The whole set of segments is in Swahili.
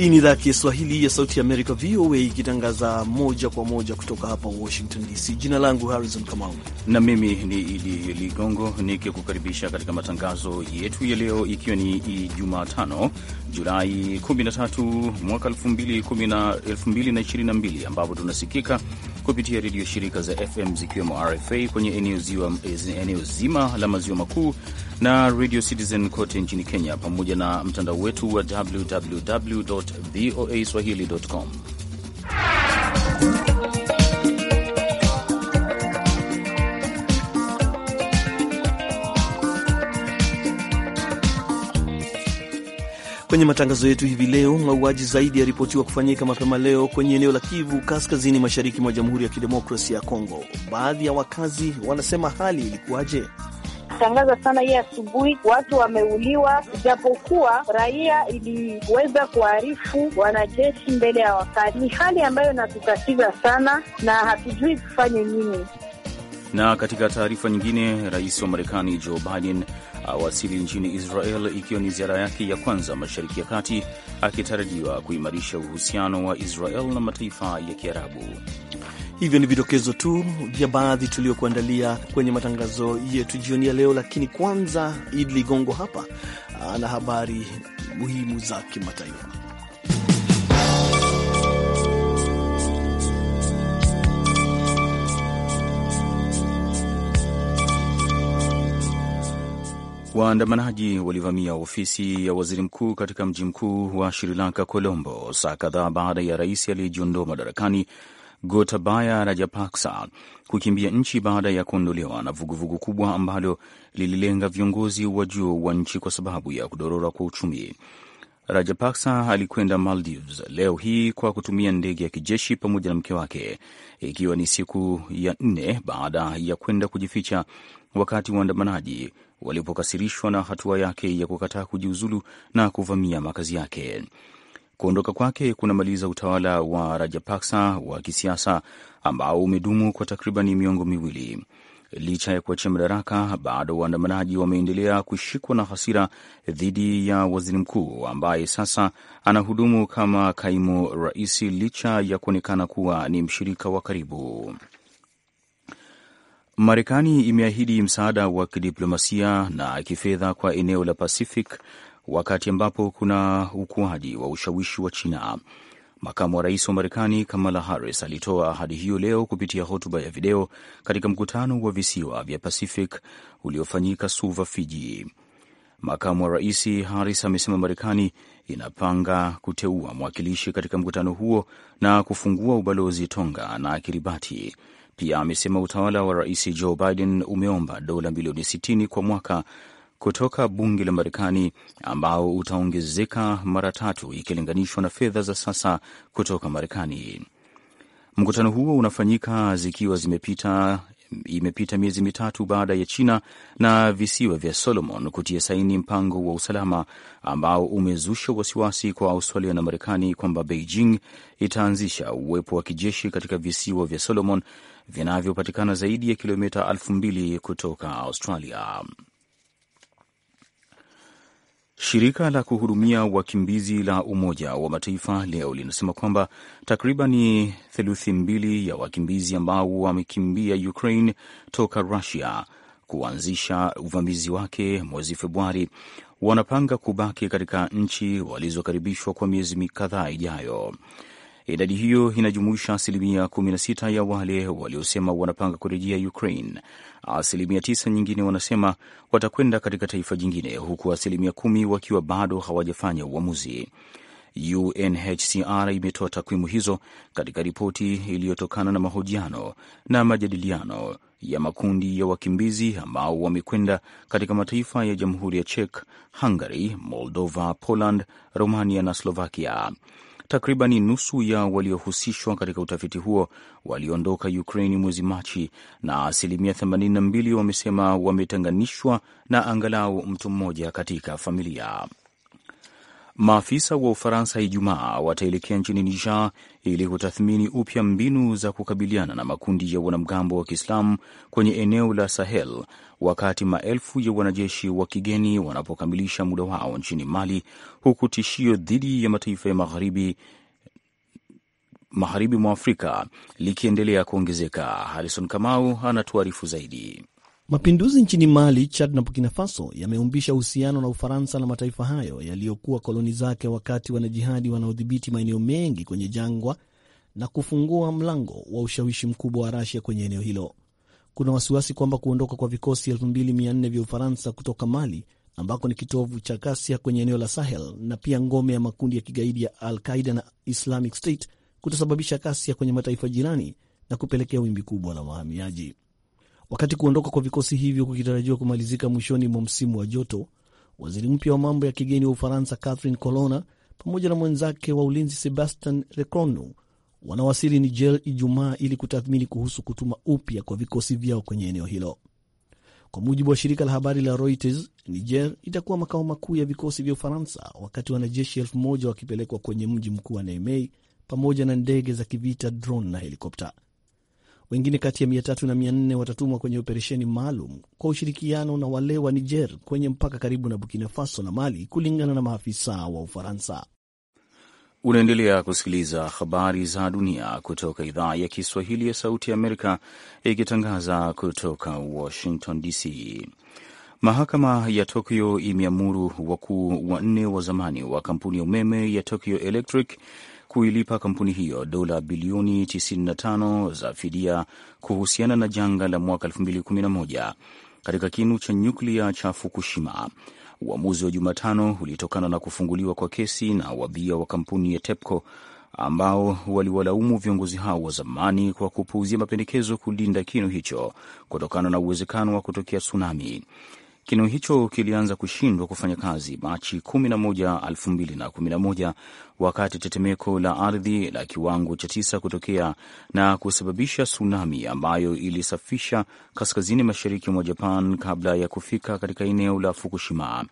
Hii ni idhaa ya Kiswahili ya Sauti ya Amerika, VOA, ikitangaza moja kwa moja kutoka hapa Washington DC. Jina langu Harrison Kamau na mimi ni Idi Ligongo nikikukaribisha katika matangazo yetu ya leo, ikiwa ni Jumatano Julai 13 mwaka 2022, ambapo tunasikika kupitia redio shirika za FM zikiwemo RFA kwenye eneo zima la maziwa makuu na Radio Citizen kote nchini Kenya, pamoja na mtandao wetu wa www voa swahili.com. Kwenye matangazo yetu hivi leo, mauaji zaidi yaripotiwa kufanyika mapema leo kwenye eneo la Kivu kaskazini mashariki mwa Jamhuri ya Kidemokrasia ya Kongo. Baadhi ya wakazi wanasema hali ilikuwaje? tangaza sana hii asubuhi, watu wameuliwa, japokuwa raia iliweza kuarifu wanajeshi mbele ya wakazi. Ni hali ambayo inatutatiza sana na hatujui tufanye nini. Na katika taarifa nyingine, rais wa Marekani Joe Biden awasili nchini Israel ikiwa ni ziara yake ya kwanza Mashariki ya Kati, akitarajiwa kuimarisha uhusiano wa Israel na mataifa ya Kiarabu. Hivyo ni vidokezo tu vya baadhi tuliokuandalia kwenye matangazo yetu jioni ya leo, lakini kwanza idli gongo hapa ana habari muhimu za kimataifa. Waandamanaji walivamia ofisi ya waziri mkuu katika mji mkuu wa Sri Lanka, Colombo, saa kadhaa baada ya rais aliyejiondoa madarakani Gotabaya Rajapaksa kukimbia nchi baada ya kuondolewa na vuguvugu vugu kubwa ambalo lililenga viongozi wa juu wa nchi kwa sababu ya kudorora kwa uchumi. Rajapaksa alikwenda Maldives leo hii kwa kutumia ndege ya kijeshi pamoja na mke wake, ikiwa ni siku ya nne baada ya kwenda kujificha wakati waandamanaji walipokasirishwa na hatua yake ya kukataa kujiuzulu na kuvamia makazi yake. Kuondoka kwake kunamaliza utawala wa Rajapaksa wa kisiasa ambao umedumu kwa takriban miongo miwili. Licha ya kuachia madaraka, bado waandamanaji wameendelea kushikwa na hasira dhidi ya waziri mkuu ambaye sasa anahudumu kama kaimu rais licha ya kuonekana kuwa ni mshirika wa karibu. Marekani imeahidi msaada wa kidiplomasia na kifedha kwa eneo la Pacific wakati ambapo kuna ukuaji wa ushawishi wa China. Makamu wa rais wa Marekani Kamala Harris alitoa ahadi hiyo leo kupitia hotuba ya video katika mkutano wa visiwa vya Pacific uliofanyika Suva, Fiji. Makamu wa rais Harris amesema Marekani inapanga kuteua mwakilishi katika mkutano huo na kufungua ubalozi Tonga na Kiribati. Pia amesema utawala wa rais Joe Biden umeomba dola milioni 60 kwa mwaka kutoka bunge la Marekani ambao utaongezeka mara tatu ikilinganishwa na fedha za sasa kutoka Marekani. Mkutano huo unafanyika zikiwa zimepita imepita miezi mitatu baada ya China na visiwa vya Solomon kutia saini mpango wa usalama ambao umezusha wasiwasi kwa Australia na Marekani kwamba Beijing itaanzisha uwepo wa kijeshi katika visiwa vya Solomon vinavyopatikana zaidi ya kilomita elfu mbili kutoka Australia. Shirika la kuhudumia wakimbizi la Umoja wa Mataifa leo linasema kwamba takribani theluthi mbili ya wakimbizi ambao wamekimbia Ukraine toka Russia kuanzisha uvamizi wake mwezi Februari wanapanga kubaki katika nchi walizokaribishwa kwa miezi kadhaa ijayo. Idadi hiyo inajumuisha asilimia 16 ya wale waliosema wanapanga kurejea Ukraine. Asilimia tisa nyingine wanasema watakwenda katika taifa jingine, huku asilimia kumi wakiwa bado hawajafanya uamuzi. UNHCR imetoa takwimu hizo katika ripoti iliyotokana na mahojiano na majadiliano ya makundi ya wakimbizi ambao wamekwenda katika mataifa ya Jamhuri ya Czech, Hungary, Moldova, Poland, Romania na Slovakia. Takribani nusu ya waliohusishwa katika utafiti huo waliondoka Ukraini mwezi Machi, na asilimia 82 wamesema wametenganishwa na angalau mtu mmoja katika familia. Maafisa wa Ufaransa Ijumaa wataelekea nchini Niger ili kutathmini upya mbinu za kukabiliana na makundi ya wanamgambo wa Kiislamu kwenye eneo la Sahel, wakati maelfu ya wanajeshi wa kigeni wanapokamilisha muda wao nchini Mali, huku tishio dhidi ya mataifa ya magharibi magharibi mwa Afrika likiendelea kuongezeka. Harison Kamau anatuarifu zaidi. Mapinduzi nchini Mali, Chad na Burkina Faso yameumbisha uhusiano na Ufaransa na mataifa hayo yaliyokuwa koloni zake, wakati wanajihadi wanaodhibiti maeneo mengi kwenye jangwa na kufungua mlango wa ushawishi mkubwa wa Rasia kwenye eneo hilo. Kuna wasiwasi kwamba kuondoka kwa vikosi 2400 vya Ufaransa kutoka Mali ambako ni kitovu cha ghasia kwenye eneo la Sahel na pia ngome ya makundi ya kigaidi ya Al Qaida na Islamic State kutasababisha ghasia kwenye mataifa jirani na kupelekea wimbi kubwa la wahamiaji. Wakati kuondoka kwa vikosi hivyo kukitarajiwa kumalizika mwishoni mwa msimu wa joto, waziri mpya wa mambo ya kigeni wa Ufaransa Catherine Colonna pamoja na mwenzake wa ulinzi sebastian Lecornu wanawasili Niger Ijumaa ili kutathmini kuhusu kutuma upya kwa vikosi vyao kwenye eneo hilo. Kwa mujibu wa shirika la habari la Reuters, Niger itakuwa makao makuu ya vikosi vya Ufaransa, wakati wanajeshi elfu moja wakipelekwa kwenye mji mkuu wa Niamey pamoja na ndege za kivita, drone na helikopta. Wengine kati ya mia tatu na mia nne watatumwa kwenye operesheni maalum kwa ushirikiano na wale wa Niger kwenye mpaka karibu na Burkina Faso na Mali, kulingana na maafisa wa Ufaransa. Unaendelea kusikiliza habari za dunia kutoka idhaa ya Kiswahili ya Sauti ya Amerika, ikitangaza kutoka Washington DC. Mahakama ya Tokyo imeamuru wakuu wanne wa zamani wa kampuni ya umeme ya Tokyo Electric kuilipa kampuni hiyo dola bilioni 95 za fidia kuhusiana na janga la mwaka 2011 katika kinu cha nyuklia cha Fukushima. Uamuzi wa Jumatano ulitokana na kufunguliwa kwa kesi na wabia wa kampuni ya TEPCO ambao waliwalaumu viongozi hao wa zamani kwa kupuuzia mapendekezo kulinda kinu hicho kutokana na uwezekano wa kutokea tsunami. Kinu hicho kilianza kushindwa kufanya kazi Machi 11, 2011 wakati tetemeko la ardhi la kiwango cha tisa kutokea na kusababisha tsunami ambayo ilisafisha kaskazini mashariki mwa Japan kabla ya kufika katika eneo la Fukushima.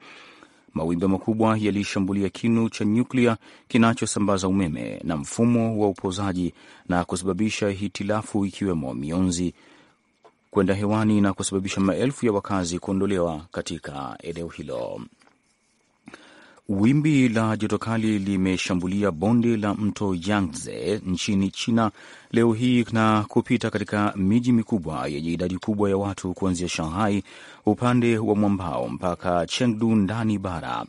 Mawimbi makubwa yalishambulia kinu cha nyuklia kinachosambaza umeme na mfumo wa upozaji na kusababisha hitilafu ikiwemo mionzi kwenda hewani na kusababisha maelfu ya wakazi kuondolewa katika eneo hilo. Wimbi la joto kali limeshambulia bonde la mto Yangtze nchini China leo hii na kupita katika miji mikubwa yenye idadi kubwa ya watu kuanzia Shanghai upande wa mwambao mpaka Chengdu ndani bara.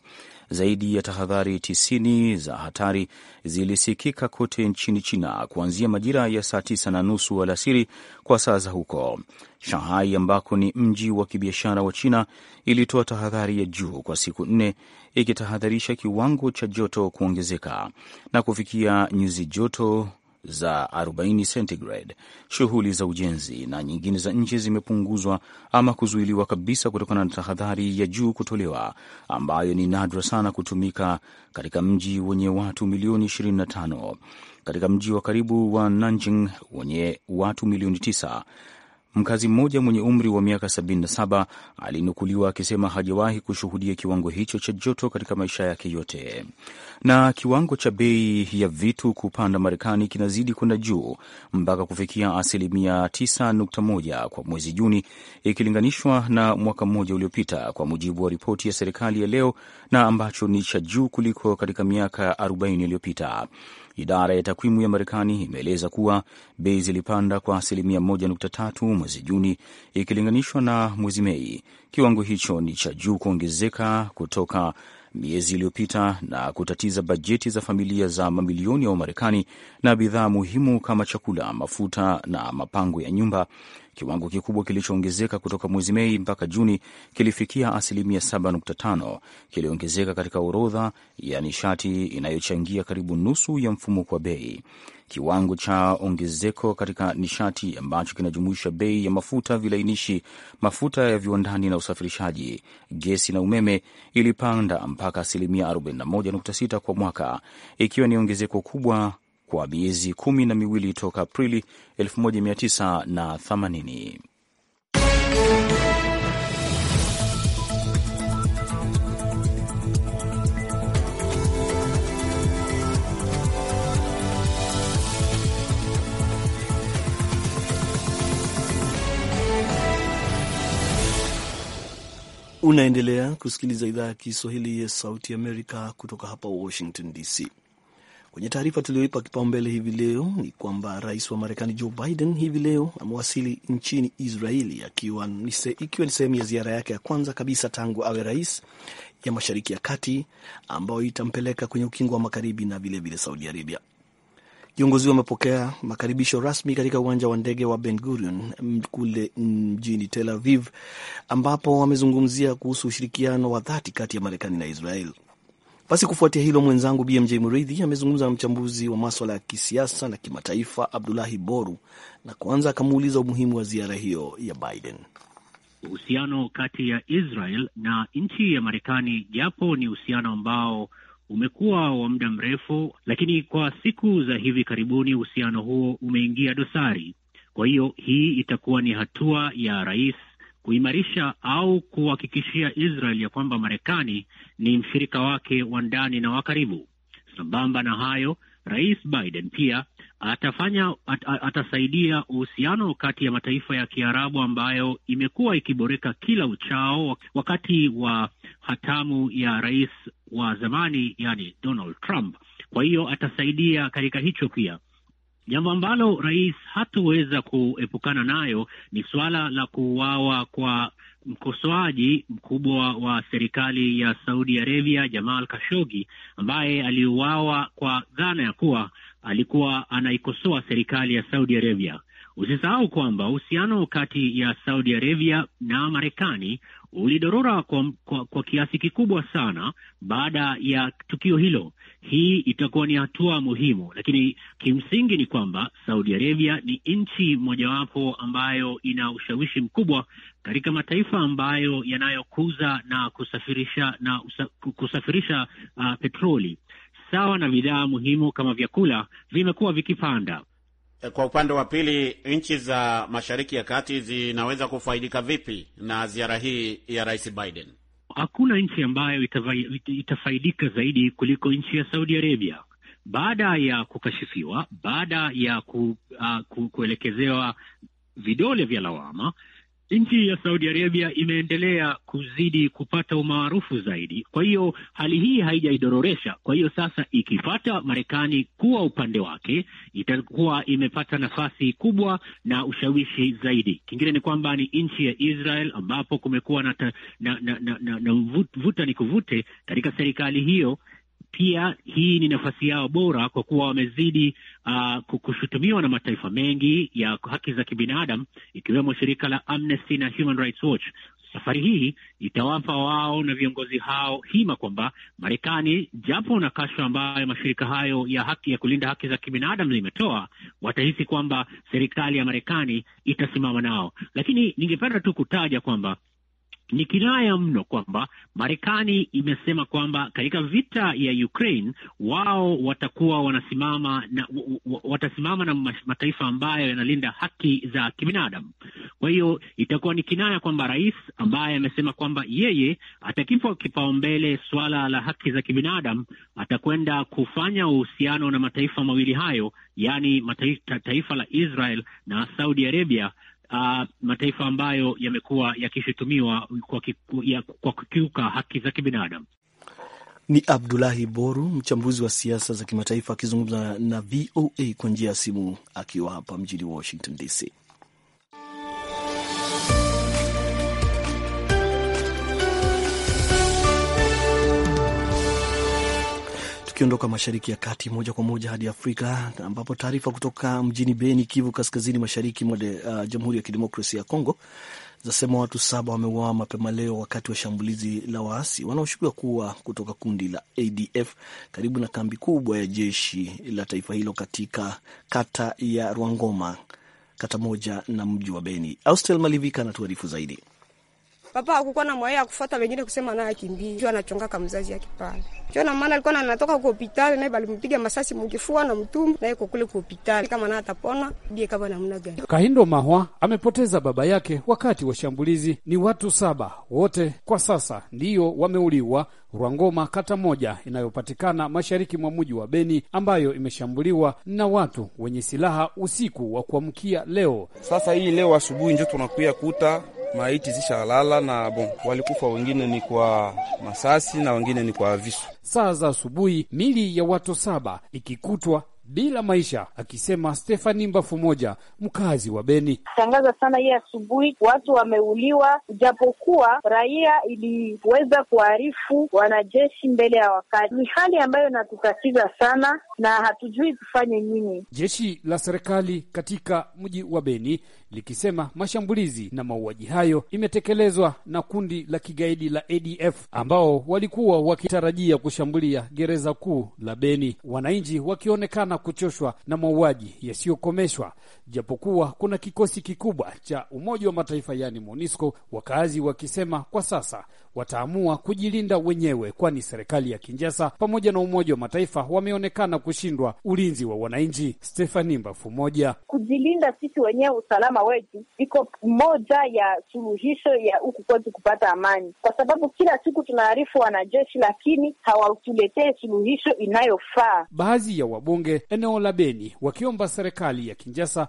Zaidi ya tahadhari tisini za hatari zilisikika kote nchini China kuanzia majira ya saa tisa na nusu alasiri kwa saa za huko. Shanghai ambako ni mji wa kibiashara wa China ilitoa tahadhari ya juu kwa siku nne, ikitahadharisha kiwango cha joto kuongezeka na kufikia nyuzi joto za 40 centigrade. Shughuli za ujenzi na nyingine za nchi zimepunguzwa ama kuzuiliwa kabisa kutokana na tahadhari ya juu kutolewa, ambayo ni nadra sana kutumika katika mji wenye watu milioni 25. Katika mji wa karibu wa Nanjing wenye watu milioni tisa Mkazi mmoja mwenye umri wa miaka 77 alinukuliwa akisema hajawahi kushuhudia kiwango hicho cha joto katika maisha yake yote. Na kiwango cha bei ya vitu kupanda Marekani kinazidi kwenda juu mpaka kufikia asilimia 9.1 kwa mwezi Juni ikilinganishwa na mwaka mmoja uliopita, kwa mujibu wa ripoti ya serikali ya leo, na ambacho ni cha juu kuliko katika miaka 40 iliyopita. Idara ya takwimu ya Marekani imeeleza kuwa bei zilipanda kwa asilimia 1.3 mwezi Juni ikilinganishwa na mwezi Mei. Kiwango hicho ni cha juu kuongezeka kutoka miezi iliyopita na kutatiza bajeti za familia za mamilioni ya Wamarekani na bidhaa muhimu kama chakula, mafuta na mapango ya nyumba. Kiwango kikubwa kilichoongezeka kutoka mwezi Mei mpaka Juni kilifikia asilimia 7.5, kiliongezeka katika orodha ya nishati inayochangia karibu nusu ya mfumuko wa bei kiwango cha ongezeko katika nishati ambacho kinajumuisha bei ya mafuta, vilainishi, mafuta ya viwandani na usafirishaji, gesi na umeme ilipanda mpaka asilimia 41.6 kwa mwaka, ikiwa ni ongezeko kubwa kwa miezi kumi na miwili toka Aprili 1980. Unaendelea kusikiliza idhaa ya Kiswahili ya Sauti Amerika kutoka hapa Washington DC. Kwenye taarifa tuliyoipa kipaumbele hivi leo ni kwamba rais wa Marekani Joe Biden hivi leo amewasili nchini Israeli ikiwa ni sehemu ya ziara yake ya kwanza kabisa tangu awe rais ya Mashariki ya Kati, ambayo itampeleka kwenye Ukingo wa Magharibi na vilevile Saudi Arabia. Viongozi wamepokea makaribisho rasmi katika uwanja wa ndege wa Ben Gurion mm, kule mm, mjini Tel Aviv, ambapo wamezungumzia kuhusu ushirikiano wa dhati kati ya Marekani na Israel. Basi kufuatia hilo, mwenzangu BMJ Mridhi amezungumza na mchambuzi wa maswala ya kisiasa na kimataifa Abdulahi Boru, na kwanza akamuuliza umuhimu wa ziara hiyo ya Biden. Uhusiano kati ya Israel na nchi ya Marekani, japo ni uhusiano ambao umekuwa wa muda mrefu, lakini kwa siku za hivi karibuni uhusiano huo umeingia dosari. Kwa hiyo hii itakuwa ni hatua ya rais kuimarisha au kuhakikishia Israel ya kwamba Marekani ni mshirika wake wa ndani na wa karibu. Sambamba na hayo, Rais Biden pia atafanya at, atasaidia uhusiano kati ya mataifa ya Kiarabu ambayo imekuwa ikiboreka kila uchao wakati wa hatamu ya rais wa zamani, yani Donald Trump. Kwa hiyo atasaidia katika hicho pia. Jambo ambalo rais hatuweza kuepukana nayo ni suala la kuuawa kwa mkosoaji mkubwa wa serikali ya Saudi Arabia, Jamal Khashoggi, ambaye aliuawa kwa dhana ya kuwa alikuwa anaikosoa serikali ya Saudi Arabia. Usisahau kwamba uhusiano kati ya Saudi Arabia na Marekani ulidorora kwa, kwa, kwa kiasi kikubwa sana baada ya tukio hilo. Hii itakuwa ni hatua muhimu, lakini kimsingi ni kwamba Saudi Arabia ni nchi mojawapo ambayo ina ushawishi mkubwa katika mataifa ambayo yanayokuza na kusafirisha na usa, kusafirisha uh, petroli sawa na bidhaa muhimu kama vyakula vimekuwa vikipanda. Kwa upande wa pili, nchi za Mashariki ya Kati zinaweza kufaidika vipi na ziara hii ya Rais Biden? Hakuna nchi ambayo itafaidika zaidi kuliko nchi ya Saudi Arabia baada ya kukashifiwa, baada ya ku, uh, ku, kuelekezewa vidole vya lawama nchi ya Saudi Arabia imeendelea kuzidi kupata umaarufu zaidi. Kwa hiyo hali hii haijaidororesha. Kwa hiyo sasa, ikipata Marekani kuwa upande wake, itakuwa imepata nafasi kubwa na ushawishi zaidi. Kingine ni kwamba ni nchi ya Israel ambapo kumekuwa na, na, na, na, na, na vuta ni kuvute katika serikali hiyo pia hii ni nafasi yao bora kwa kuwa wamezidi uh, kushutumiwa na mataifa mengi ya haki za kibinadamu ikiwemo shirika la Amnesty na Human Rights Watch. Safari hii itawapa wao na viongozi hao hima kwamba Marekani, japo na kashfa ambayo mashirika hayo ya haki ya kulinda haki za kibinadamu zimetoa, watahisi kwamba serikali ya Marekani itasimama nao. Lakini ningependa tu kutaja kwamba ni kinaya mno kwamba Marekani imesema kwamba katika vita ya Ukraine wao watakuwa wanasimama na watasimama na mataifa ambayo yanalinda haki za kibinadamu. Kwa hiyo itakuwa ni kinaya kwamba rais ambaye amesema kwamba yeye atakipa kipaumbele suala la haki za kibinadamu atakwenda kufanya uhusiano na mataifa mawili hayo, yaani taifa la Israel na Saudi Arabia uh, mataifa ambayo yamekuwa yakishutumiwa kwa, ya, kwa kukiuka haki za kibinadamu. Ni Abdulahi Boru, mchambuzi wa siasa za kimataifa akizungumza na VOA kwa njia ya simu akiwa hapa mjini Washington DC. Tukiondoka mashariki ya kati moja kwa moja hadi Afrika, ambapo taarifa kutoka mjini Beni, Kivu Kaskazini, mashariki mwa uh, Jamhuri ya Kidemokrasia ya Kongo zasema watu saba wameuawa mapema leo wakati wa shambulizi la waasi wanaoshukiwa kuwa kutoka kundi la ADF karibu na kambi kubwa ya jeshi la taifa hilo katika kata ya Rwangoma, kata moja na mji wa Beni. Austel Malivika anatuarifu zaidi. Papa hakukuwa na mwaya ya kufuata wengine kusema naye akimbia. Ndio anachongaka mzazi yake pale. Ndio na maana alikuwa anatoka kwa hospitali naye balimpiga masasi mkifua na mtumbo naye kwa kule kwa hospitali kama naye atapona bie kama namna gani. Kahindo Mahwa amepoteza baba yake wakati wa shambulizi. Ni watu saba wote kwa sasa ndiyo wameuliwa Rwangoma, kata moja inayopatikana mashariki mwa mji wa Beni ambayo imeshambuliwa na watu wenye silaha usiku wa kuamkia leo. Sasa hii leo asubuhi ndio tunakuya kuta maiti zishalala na bon, walikufa wengine ni kwa masasi na wengine ni kwa visu. Saa za asubuhi mili ya watu saba ikikutwa bila maisha, akisema Stefani Mbafu moja mkazi wa Beni. Shangaza sana hii asubuhi, watu wameuliwa, japokuwa raia iliweza kuarifu wanajeshi mbele ya wakati. Ni hali ambayo inatutatiza sana, na hatujui tufanye nini. Jeshi la serikali katika mji wa Beni likisema mashambulizi na mauaji hayo imetekelezwa na kundi la kigaidi la ADF ambao walikuwa wakitarajia kushambulia gereza kuu la Beni, wananchi wakionekana kuchoshwa na mauaji yasiyokomeshwa japokuwa kuna kikosi kikubwa cha Umoja wa Mataifa yaani MONUSCO, wakazi wakisema kwa sasa wataamua kujilinda wenyewe, kwani serikali ya Kinjasa pamoja na Umoja wa Mataifa wameonekana kushindwa ulinzi wa wananchi. Stefani Mbafu moja, kujilinda sisi wenyewe, usalama wetu iko moja ya suluhisho ya huku kwetu kupata amani, kwa sababu kila siku tunaarifu wanajeshi, lakini hawatuletee suluhisho inayofaa. Baadhi ya wabunge eneo la Beni wakiomba serikali ya Kinjasa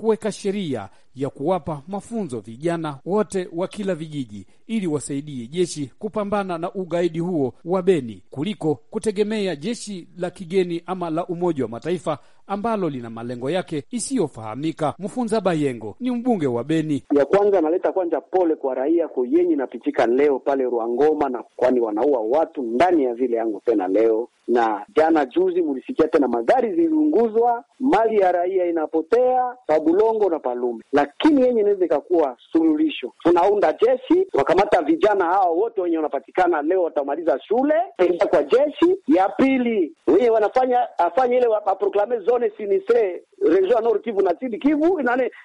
kuweka sheria ya kuwapa mafunzo vijana wote wa kila vijiji ili wasaidie jeshi kupambana na ugaidi huo wa Beni kuliko kutegemea jeshi la kigeni ama la Umoja wa Mataifa ambalo lina malengo yake isiyofahamika. Mfunza Bayengo ni mbunge wa Beni. Ya kwanza analeta kwanza pole kwa raia kuyenye napitika leo pale Rwangoma, na kwani wanaua watu ndani ya vile yangu tena leo na jana juzi, mulisikia tena magari ziliunguzwa, mali ya raia inapotea sababu Bulongo na Palume, lakini yenye inaweza ikakuwa suluhisho, tunaunda jeshi, wakamata vijana hao wote wenye wanapatikana leo, watamaliza shule, ingia kwa jeshi ya pili wenye wanafanya afanye ile waproklame zone sinistre region Nord Kivu na Sud Kivu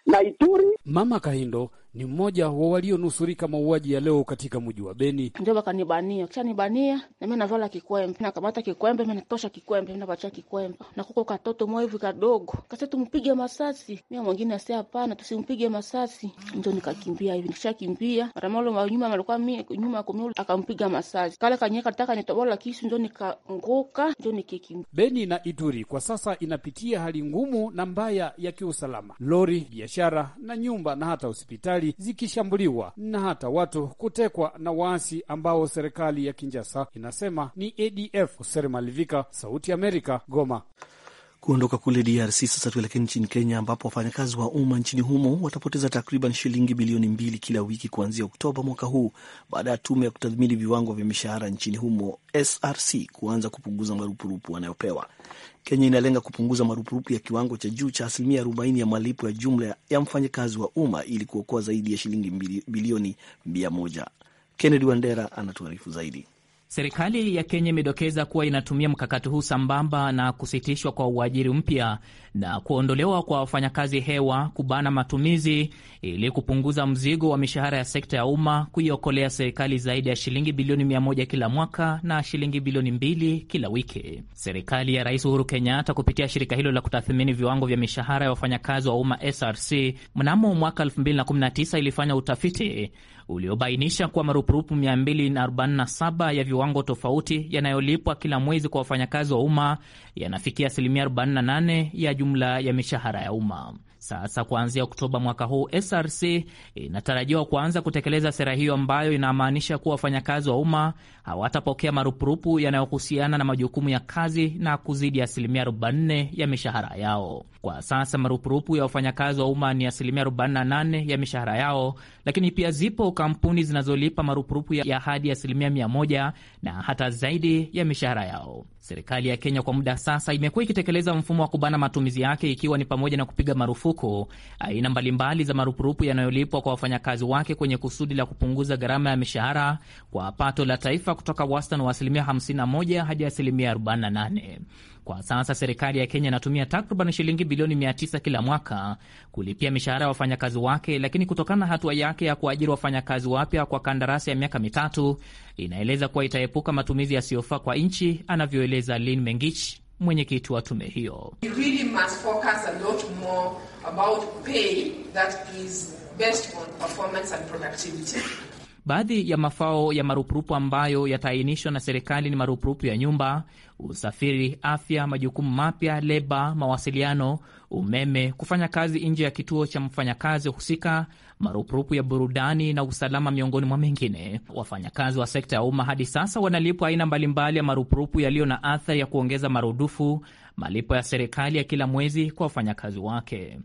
na Ituri. Mama Kahindo ni mmoja wa walionusurika mauaji ya leo katika mji wa Beni. Ndio wakanibania, kisha nibania na mimi navala kikwembe, nakamata kikwembe, mimi natosha kikwembe, mimi napatia kikwembe na katoto mwa kadogo, kasi tumpige masasi. Mi mwingine asema hapana, tusimpige masasi, ndio nikakimbia hivi. Nikishakimbia mara moja wa nyuma alikuwa mimi nyuma kwa akampiga masasi kale kanyeka, nataka nitobola kisu, ndio nikaanguka, ndio nikikimbia. Beni na Ituri kwa sasa inapitia hali ngumu na mbaya ya kiusalama, lori, biashara na nyumba na hata hospitali serikali zikishambuliwa na hata watu kutekwa na waasi ambao serikali ya kinjasa inasema ni ADF. Hoser Malivika, Sauti ya Amerika, Goma kuondoka kule DRC. Sasa tuelekee nchini Kenya, ambapo wafanyakazi wa umma nchini humo watapoteza takriban shilingi bilioni mbili kila wiki kuanzia Oktoba mwaka huu baada ya tume ya kutathmini viwango vya mishahara nchini humo SRC kuanza kupunguza marupurupu wanayopewa. Kenya inalenga kupunguza marupurupu ya kiwango cha juu cha asilimia 40 ya malipo ya jumla ya mfanyakazi wa umma ili kuokoa zaidi ya shilingi bilioni 1 Kennedy Wandera anatuarifu zaidi. Serikali ya Kenya imedokeza kuwa inatumia mkakati huu sambamba na kusitishwa kwa uajiri mpya na kuondolewa kwa wafanyakazi hewa, kubana matumizi ili kupunguza mzigo wa mishahara ya sekta ya umma, kuiokolea serikali zaidi ya shilingi bilioni mia moja kila mwaka na shilingi bilioni mbili kila wiki. Serikali ya Rais Uhuru Kenyatta kupitia shirika hilo la kutathmini viwango vya mishahara ya wafanyakazi wa umma SRC mnamo mwaka 2019 ilifanya utafiti uliobainisha kuwa marupurupu 247 ya viwango tofauti yanayolipwa kila mwezi kwa wafanyakazi wa umma yanafikia asilimia 48 ya jumla ya mishahara ya umma. Sasa kuanzia Oktoba mwaka huu, SRC inatarajiwa kuanza kutekeleza sera hiyo ambayo inamaanisha kuwa wafanyakazi wa umma hawatapokea marupurupu yanayohusiana na majukumu ya kazi na kuzidi asilimia 40 ya mishahara yao. Kwa sasa marupurupu ya wafanyakazi wa umma ni asilimia 48 ya mishahara yao, lakini pia zipo kampuni zinazolipa marupurupu ya hadi asilimia 100 na hata zaidi ya mishahara yao. Serikali ya Kenya kwa muda sasa imekuwa ikitekeleza mfumo wa kubana matumizi yake, ikiwa ni pamoja na kupiga marufuku aina mbalimbali za marupurupu yanayolipwa kwa wafanyakazi wake kwenye kusudi la kupunguza gharama ya mishahara kwa pato la taifa kutoka wastani wa asilimia 51 hadi asilimia 48. Kwa sasa serikali ya Kenya inatumia takriban shilingi bilioni 900 kila mwaka kulipia mishahara ya wafanyakazi wake, lakini kutokana na hatua yake ya kuajiri wafanyakazi wapya kwa kandarasi ya miaka mitatu, inaeleza kuwa itaepuka matumizi yasiyofaa kwa nchi, anavyoeleza Lin Mengich, mwenyekiti wa tume hiyo. Baadhi ya mafao ya marupurupu ambayo yataainishwa na serikali ni marupurupu ya nyumba, usafiri, afya, majukumu mapya, leba, mawasiliano, umeme, kufanya kazi nje ya kituo cha mfanyakazi husika, marupurupu ya burudani na usalama, miongoni mwa mengine. Wafanyakazi wa sekta ya umma hadi sasa wanalipwa aina mbalimbali ya marupurupu yaliyo na athari ya kuongeza marudufu malipo ya serikali ya kila mwezi kwa wafanyakazi wake.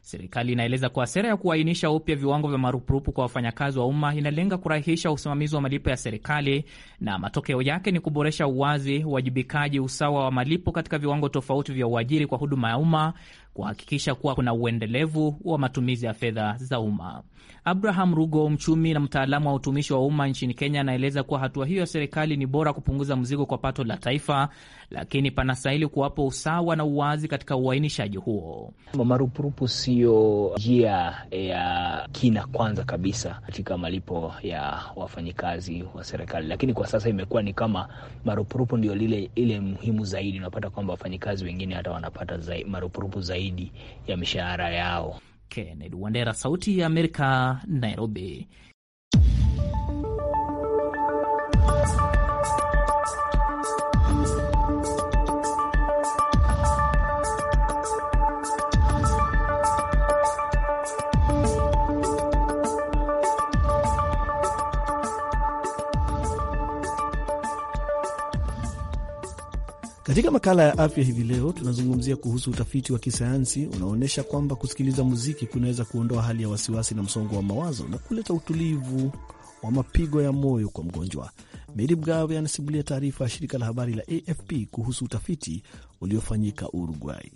Serikali inaeleza kuwa sera ya kuainisha upya viwango vya marupurupu kwa wafanyakazi wa umma inalenga kurahisisha usimamizi wa malipo ya serikali, na matokeo yake ni kuboresha uwazi, uwajibikaji, usawa wa malipo katika viwango tofauti vya uajiri kwa huduma ya umma kuhakikisha kuwa kuna uendelevu wa matumizi ya fedha za umma. Abraham Rugo, mchumi na mtaalamu wa utumishi wa umma nchini Kenya, anaeleza kuwa hatua hiyo ya serikali ni bora kupunguza mzigo kwa pato la taifa, lakini panastahili kuwapo usawa na uwazi katika uainishaji huo. Marupurupu siyo njia ya kina kwanza kabisa katika malipo ya wafanyikazi wa serikali, lakini kwa sasa imekuwa ni kama marupurupu ndio lile ile muhimu zaidi. Unapata kwamba wafanyikazi wengine hata wanapata marupurupu zaidi zaidi ya mishahara yao. Kennedy Wandera, Sauti ya Amerika, Nairobi. Katika makala ya afya hivi leo tunazungumzia kuhusu utafiti wa kisayansi unaonyesha kwamba kusikiliza muziki kunaweza kuondoa hali ya wasiwasi na msongo wa mawazo na kuleta utulivu wa mapigo ya moyo kwa mgonjwa. Meri Mgawe anasimulia taarifa ya shirika la habari la AFP kuhusu utafiti uliofanyika Uruguay.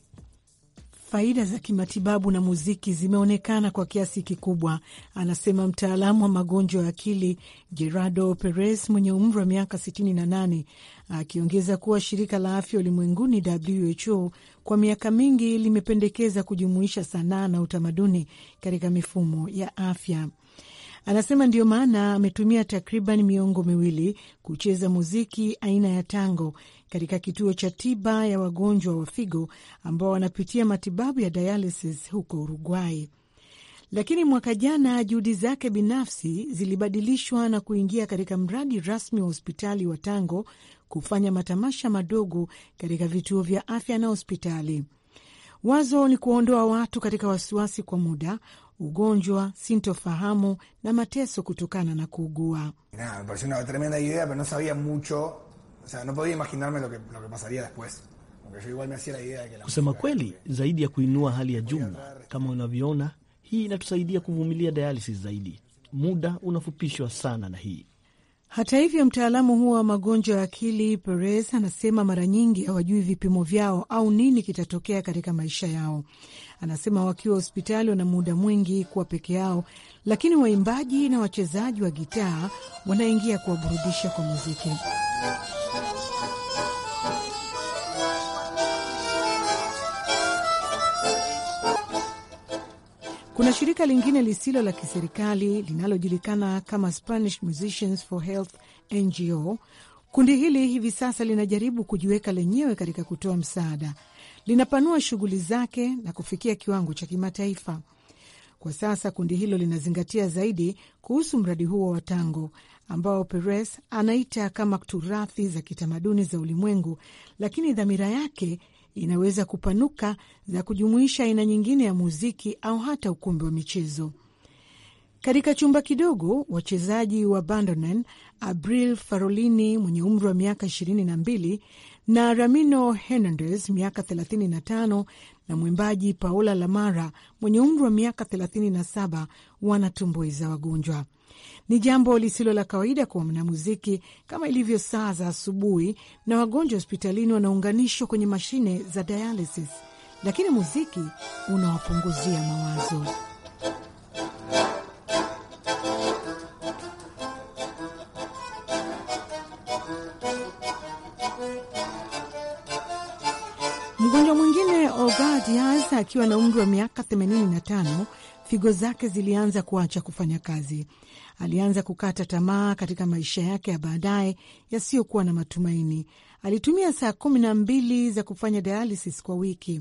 Faida za kimatibabu na muziki zimeonekana kwa kiasi kikubwa, anasema mtaalamu wa magonjwa ya akili Gerardo Perez mwenye umri wa miaka 68, akiongeza kuwa shirika la afya ulimwenguni WHO kwa miaka mingi limependekeza kujumuisha sanaa na utamaduni katika mifumo ya afya. Anasema ndiyo maana ametumia takriban miongo miwili kucheza muziki aina ya tango katika kituo cha tiba ya wagonjwa wa figo ambao wanapitia matibabu ya dialysis huko Uruguay. Lakini mwaka jana juhudi zake binafsi zilibadilishwa na kuingia katika mradi rasmi wa hospitali wa Tango kufanya matamasha madogo katika vituo vya afya na hospitali. Wazo ni kuwaondoa watu katika wasiwasi kwa muda, ugonjwa, sintofahamu na mateso kutokana na kuugua. Nah, me pareció una tremenda idea pero no sabía mucho O sea, no podía imaginarme lo que, lo que pasaría después. Aunque yo igual me hacía la idea de que la Kusema kweli, que... zaidi ya kuinua hali ya jumla, kama unavyoona, hii inatusaidia kuvumilia dialysis zaidi. Muda unafupishwa sana na hii. Hata hivyo, mtaalamu huo wa magonjwa ya akili Perez anasema mara nyingi hawajui vipimo vyao au nini kitatokea katika maisha yao. Anasema wakiwa hospitali wana muda mwingi kuwa peke yao, lakini waimbaji na wachezaji wa gitaa wanaingia kuwaburudisha kwa muziki. Kuna shirika lingine lisilo la kiserikali linalojulikana kama Spanish Musicians for Health NGO. Kundi hili hivi sasa linajaribu kujiweka lenyewe katika kutoa msaada, linapanua shughuli zake na kufikia kiwango cha kimataifa. Kwa sasa kundi hilo linazingatia zaidi kuhusu mradi huo wa tango ambao peres anaita kama turathi za kitamaduni za ulimwengu, lakini dhamira yake inaweza kupanuka za kujumuisha aina nyingine ya muziki au hata ukumbi wa michezo. Katika chumba kidogo, wachezaji wa Bandonen, Abril Farolini mwenye umri wa miaka 22 na ramino Hernandez miaka 35 na mwimbaji Paola Lamara mwenye umri wa miaka 37 wanatumbuiza wagonjwa. Ni jambo lisilo la kawaida kwa mwanamuziki, kama ilivyo saa za asubuhi na wagonjwa hospitalini wanaunganishwa kwenye mashine za dialysis, lakini muziki unawapunguzia mawazo. Mgonjwa mwingine Ogadias akiwa na umri wa miaka 85 figo zake zilianza kuacha kufanya kazi. Alianza kukata tamaa katika maisha yake ya baadaye yasiyokuwa na matumaini. Alitumia saa kumi na mbili za kufanya dialysis kwa wiki,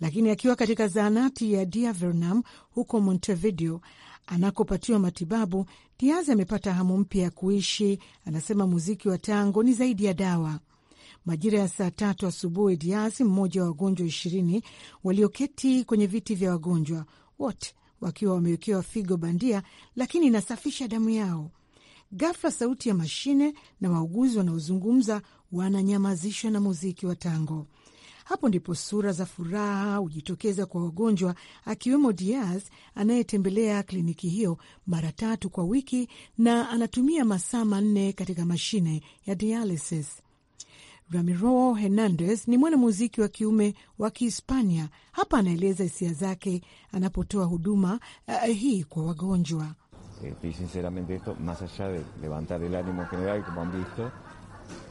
lakini akiwa katika zahanati ya Diavernam huko Montevideo anakopatiwa matibabu, Diaz amepata hamu mpya ya kuishi. Anasema muziki wa tango ni zaidi ya dawa. Majira ya saa tatu asubuhi, Diaz, mmoja wa wagonjwa ishirini walioketi kwenye viti vya wagonjwa wote wakiwa wamewekewa figo bandia, lakini inasafisha damu yao. Ghafla sauti ya mashine na wauguzi wanaozungumza wananyamazishwa na muziki wa tango. Hapo ndipo sura za furaha hujitokeza kwa wagonjwa, akiwemo Diaz anayetembelea kliniki hiyo mara tatu kwa wiki na anatumia masaa manne katika mashine ya dialysis. Ramiro Hernandez ni mwanamuziki wa kiume wa Kihispania. Hapa anaeleza hisia zake anapotoa huduma uh, hii kwa wagonjwa. Eh, estoy sinceramente esto allá de levantar el general como han visto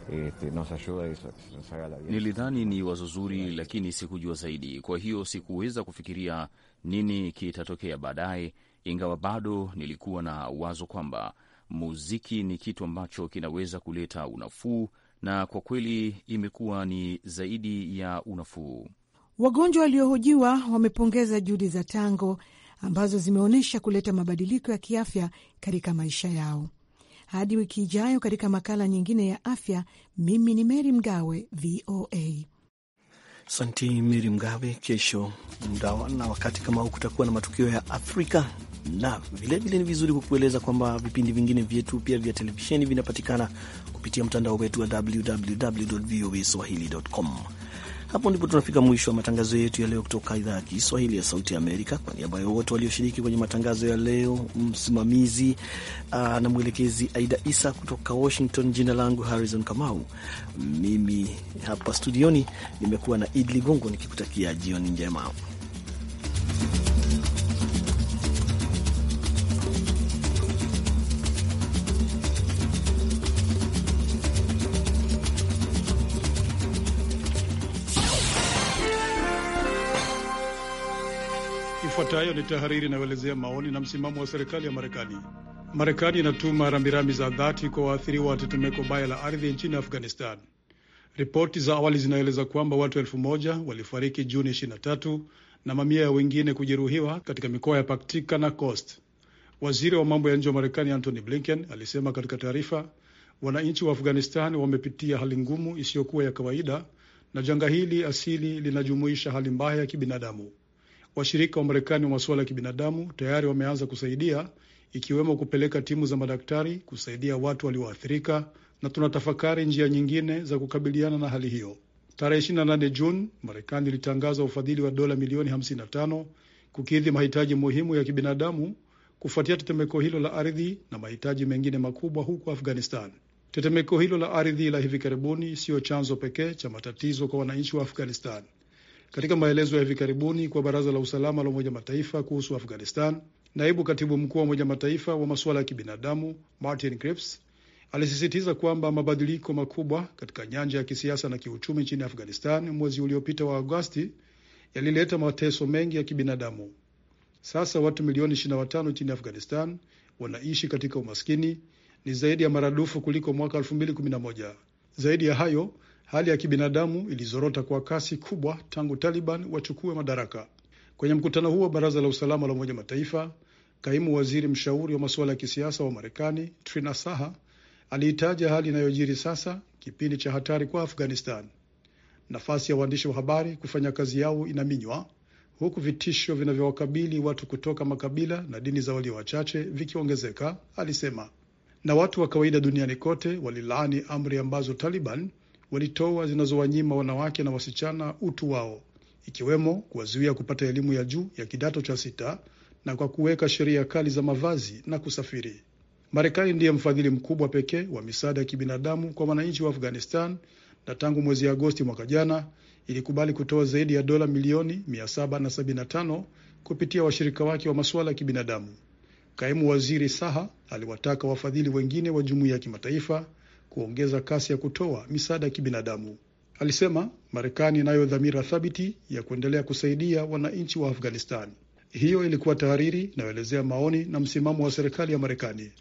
Este, nos ayuda eso, nos la nilidhani ni wazo zuri, lakini sikujua zaidi, kwa hiyo sikuweza kufikiria nini kitatokea baadaye, ingawa bado nilikuwa na wazo kwamba muziki ni kitu ambacho kinaweza kuleta unafuu na kwa kweli imekuwa ni zaidi ya unafuu. Wagonjwa waliohojiwa wamepongeza juhudi za Tango ambazo zimeonyesha kuleta mabadiliko ya kiafya katika maisha yao. Hadi wiki ijayo katika makala nyingine ya afya, mimi ni Meri Mgawe, VOA. Asanti Meri Mgawe. Kesho na wakati kama huu kutakuwa na matukio ya Afrika na vilevile ni vizuri kukueleza kwamba vipindi vingine vyetu pia vya televisheni vinapatikana kupitia mtandao wetu wa www.voaswahili.com. Hapo ndipo tunafika mwisho wa matangazo yetu ya leo kutoka idhaa ya Kiswahili ya Sauti ya Amerika. Kwa niaba ya wote walioshiriki kwenye matangazo ya leo, msimamizi uh, na mwelekezi Aida Isa kutoka Washington, jina langu Harrison Kamau, mimi hapa studioni nimekuwa na Id Ligongo nikikutakia jioni njema. Ifuatayo ni tahariri inayoelezea maoni na msimamo wa serikali ya Marekani. Marekani inatuma rambirambi za dhati kwa waathiriwa wa tetemeko baya la ardhi nchini Afghanistan. Ripoti za awali zinaeleza kwamba watu elfu moja walifariki Juni 23 na mamia ya wengine kujeruhiwa katika mikoa ya Paktika na Khost. Waziri wa mambo ya nje wa Marekani Antony Blinken alisema katika taarifa, wananchi wa Afghanistan wamepitia hali ngumu isiyokuwa ya kawaida na janga hili asili linajumuisha hali mbaya ya kibinadamu. Washirika wa Marekani wa masuala ya kibinadamu tayari wameanza kusaidia, ikiwemo kupeleka timu za madaktari kusaidia watu walioathirika, na tunatafakari njia nyingine za kukabiliana na hali hiyo. Tarehe 28 Juni, Marekani ilitangaza ufadhili wa dola milioni 55 kukidhi mahitaji muhimu ya kibinadamu kufuatia tetemeko hilo la ardhi na mahitaji mengine makubwa huko Afghanistan. Tetemeko hilo la ardhi la hivi karibuni siyo chanzo pekee cha matatizo kwa wananchi wa Afghanistan katika maelezo ya hivi karibuni kwa Baraza la Usalama la Umoja Mataifa kuhusu Afghanistan. Naibu katibu mkuu wa Umoja Mataifa wa masuala ya kibinadamu Martin Griffiths alisisitiza kwamba mabadiliko makubwa katika nyanja ya kisiasa na kiuchumi nchini Afghanistan mwezi uliopita wa Agosti yalileta mateso mengi ya kibinadamu. Sasa watu milioni 25 nchini Afghanistan wanaishi katika umaskini, ni zaidi ya maradufu kuliko mwaka 2011. Zaidi ya hayo, hali ya kibinadamu ilizorota kwa kasi kubwa tangu Taliban wachukue madaraka. Kwenye mkutano huo wa baraza la usalama la Umoja Mataifa, kaimu waziri mshauri wa masuala ya kisiasa wa Marekani Trina Saha aliitaja hali inayojiri sasa kipindi cha hatari kwa Afghanistan. Nafasi ya waandishi wa habari kufanya kazi yao inaminywa huku vitisho vinavyowakabili watu kutoka makabila na dini za walio wachache vikiongezeka, alisema. Na watu wa kawaida duniani kote walilaani amri ambazo Taliban walitoa zinazowanyima wanawake na wasichana utu wao, ikiwemo kuwazuia kupata elimu ya juu ya kidato cha sita na kwa kuweka sheria kali za mavazi na kusafiri. Marekani ndiye mfadhili mkubwa pekee wa misaada ya kibinadamu kwa wananchi wa Afghanistan na tangu mwezi Agosti mwaka jana ilikubali kutoa zaidi ya dola milioni 775 kupitia washirika wake wa masuala ya kibinadamu. Kaimu waziri Saha aliwataka wafadhili wengine wa jumuiya ya kimataifa kuongeza kasi ya kutoa misaada ya kibinadamu. Alisema Marekani inayo dhamira thabiti ya kuendelea kusaidia wananchi wa Afghanistan. Hiyo ilikuwa tahariri inayoelezea maoni na msimamo wa serikali ya Marekani.